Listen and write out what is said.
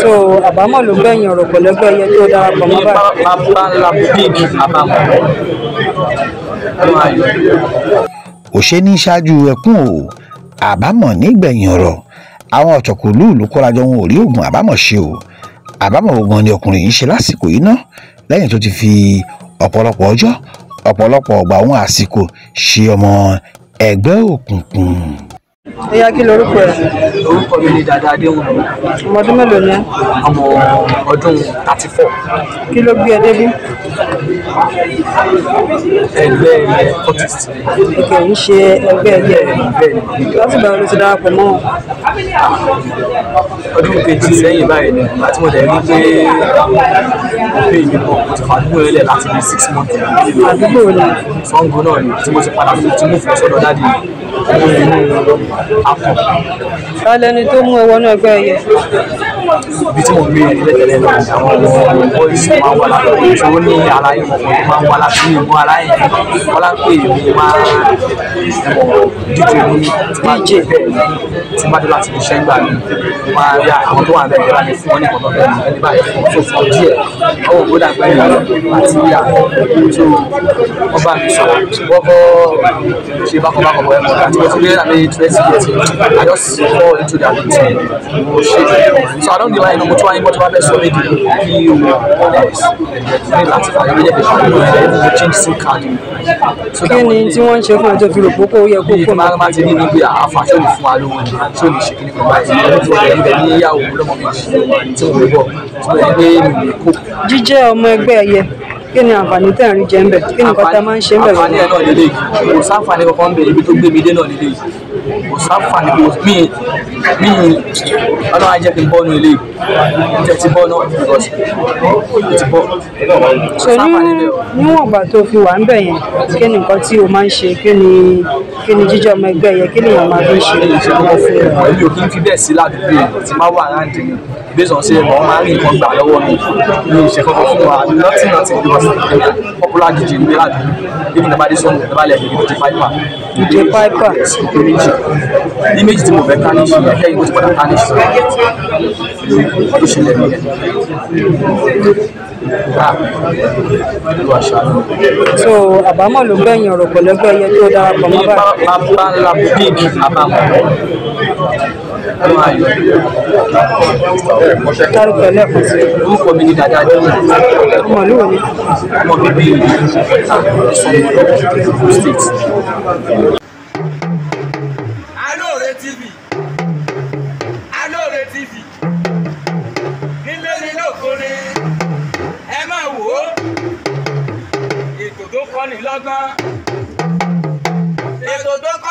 so àbámọ̀ ló gbẹ̀yìn ọ̀rọ̀ pẹ̀lẹ́gbẹ́ yẹ tó darapọ̀ mọ́ báyìí. bàbá ńlá big àbámọ̀ òṣè ní ṣáájú ẹkún o àbámọ̀ nígbẹ̀yìn ọ̀rọ̀ àwọn ọ̀tọ̀kùlú ló kórajọ wọn ò rí oògùn àbámọ̀ ṣe o àbámọ̀ ogun ni ọkùnrin yìí ṣe lásìkò yìí ná lẹ́yìn tó ti fi ọ̀pọ̀lọpọ̀ ọjọ́ ọ̀pọ̀lọpọ̀ ọgbà àwọn àsìkò ṣe ọmọ ẹgbẹ́ òkùnkùn. Ìyá kí lorúkọ ẹ? Orúkọ mi ni Dàda Adéwọ̀n. Ọmọ ọdún mélòó ni ẹ? Ọmọ ọdún thirty four. Kí ló gbé ẹ débí? Ẹgbẹ́ Fortist. Ìkè ń ṣe ẹgbẹ́ ẹgbẹ́ rẹ̀. Láti ìgbà wo ló ti darapọ̀ mọ́? Ọdún kejì sẹ́yìn báyìí ni láti mọ̀ dẹ́rí pé pé ìlú kan kò ti fà nínú ẹlẹ̀ láti bí six months. Àdúgbò ni. Sango náà ni tí mo ti padà tí mo fi lọ sọ́dọ̀ mú inú akọ. ta lẹni tó mú ẹ wọnú ẹgbẹ́ yẹn ibi tí mo gbé lẹ́tẹ̀lẹ́ lọ àwọn ọmọ bọ́ìsì máa ń wà látọ̀ tí ó ní ara yìí mọ̀ tó máa ń wà látọ̀ ní ìmú ara yìí wọ́lá pé èmi máa mọ̀ dídì ní tí máa jẹ́ bẹ́ẹ̀ tí máa dé láti iṣẹ́ gbà mí máa rí àwọn tó wà bẹ́ẹ̀ yẹra mi fún wọn ní ìkọ̀tọ̀ bẹ́ẹ̀ ni ẹni báyìí fún tó fún díẹ̀ ọwọ́ gbọ́dọ̀ gbẹ́ ìlànà àti ìyá tó wọ́n bá mi sọ̀rọ̀ wọ́n kọ́ ṣe bákọ̀bákọ̀ bọ́ ẹ̀mọ́ àti mo ti rí ẹ̀rọ down the line ọmọ tí wàá ní bọ́tí wàá fẹ́ sọ méjì kí o ní láti fà yẹn lẹ́gbẹ̀ẹ́ fún mi ẹ̀ mo change sim card mi. kí ni tí wọ́n ń ṣe fún ẹjọ́ fi rò pópó yẹ kó kó máa ti ní níbi àáfà tó lè fún wa lówó tí ò lè ṣe kíní kan báyìí ibẹ̀ ní ìyàwó lọ́mọ méjì tí mo lè bọ̀ tí mo lè gbé mi lè kó. jíjẹ́ ọmọ ẹgbẹ́ ẹ̀yẹ kí ni àǹfààní tẹ̀ ń rí jẹ́ ń bẹ̀ kí ni nǹkan máa ń ṣe ń bẹ̀ lọ́wọ́. àǹfààní ẹ̀ náà lélẹ́yìí kò sáǹfààní kankan ń bẹ̀ ibi tó gbé mi dé náà lélẹ́yìí kò sáfàní kò mí mí ọlọ́run ajẹ́ kí n bọ́ nu ilé ìjẹ́ bọ́ náà because mo ti bọ́. so níwọ̀n ìgbà tó fi wà ń bẹ̀ yẹn kí ni nǹkan tí o máa ń ṣe kí ni kí ni jíjọ ọmọ ẹgbẹ́ yẹn kí ni èèyàn máa fi ń ṣe ìṣòro fún ẹ. èmi ò kí n fi bẹ́ẹ̀ sí ládùúgbò yẹn tí máa wà láǹdì mi based on say mo máa ń rí nǹkan gbà lọ́wọ́ mi mi ò ṣe kankan fún wa àbí nothing nothing bí wọ́n ṣe ń gbà popular ní ládùúgbò even nabadi sọ́nù nabalẹ̀ ìdíje ní méjì tí mo fẹ́ ká ní ṣe ẹgbẹ́ ìbò tí padà ká ní ṣe tó ṣẹlẹ̀ so àbámọ̀ ló gbẹ̀yìn ọ̀rọ̀ pẹ̀lẹ́gbẹ̀ yẹn tó darapọ̀ mọ́ báyìí. bàbá ńlá bíbí àbámọ̀ dárúkọ lẹ́ẹ̀kan mi ni dada jẹ́ ọmọ ìlú òní. ọmọ bíbí ìlú state tv I the tv nílé nílé òkúni ẹ máa wò ó ètò tó kọ́ni lọ́gbọ́n ètò tó kọ́.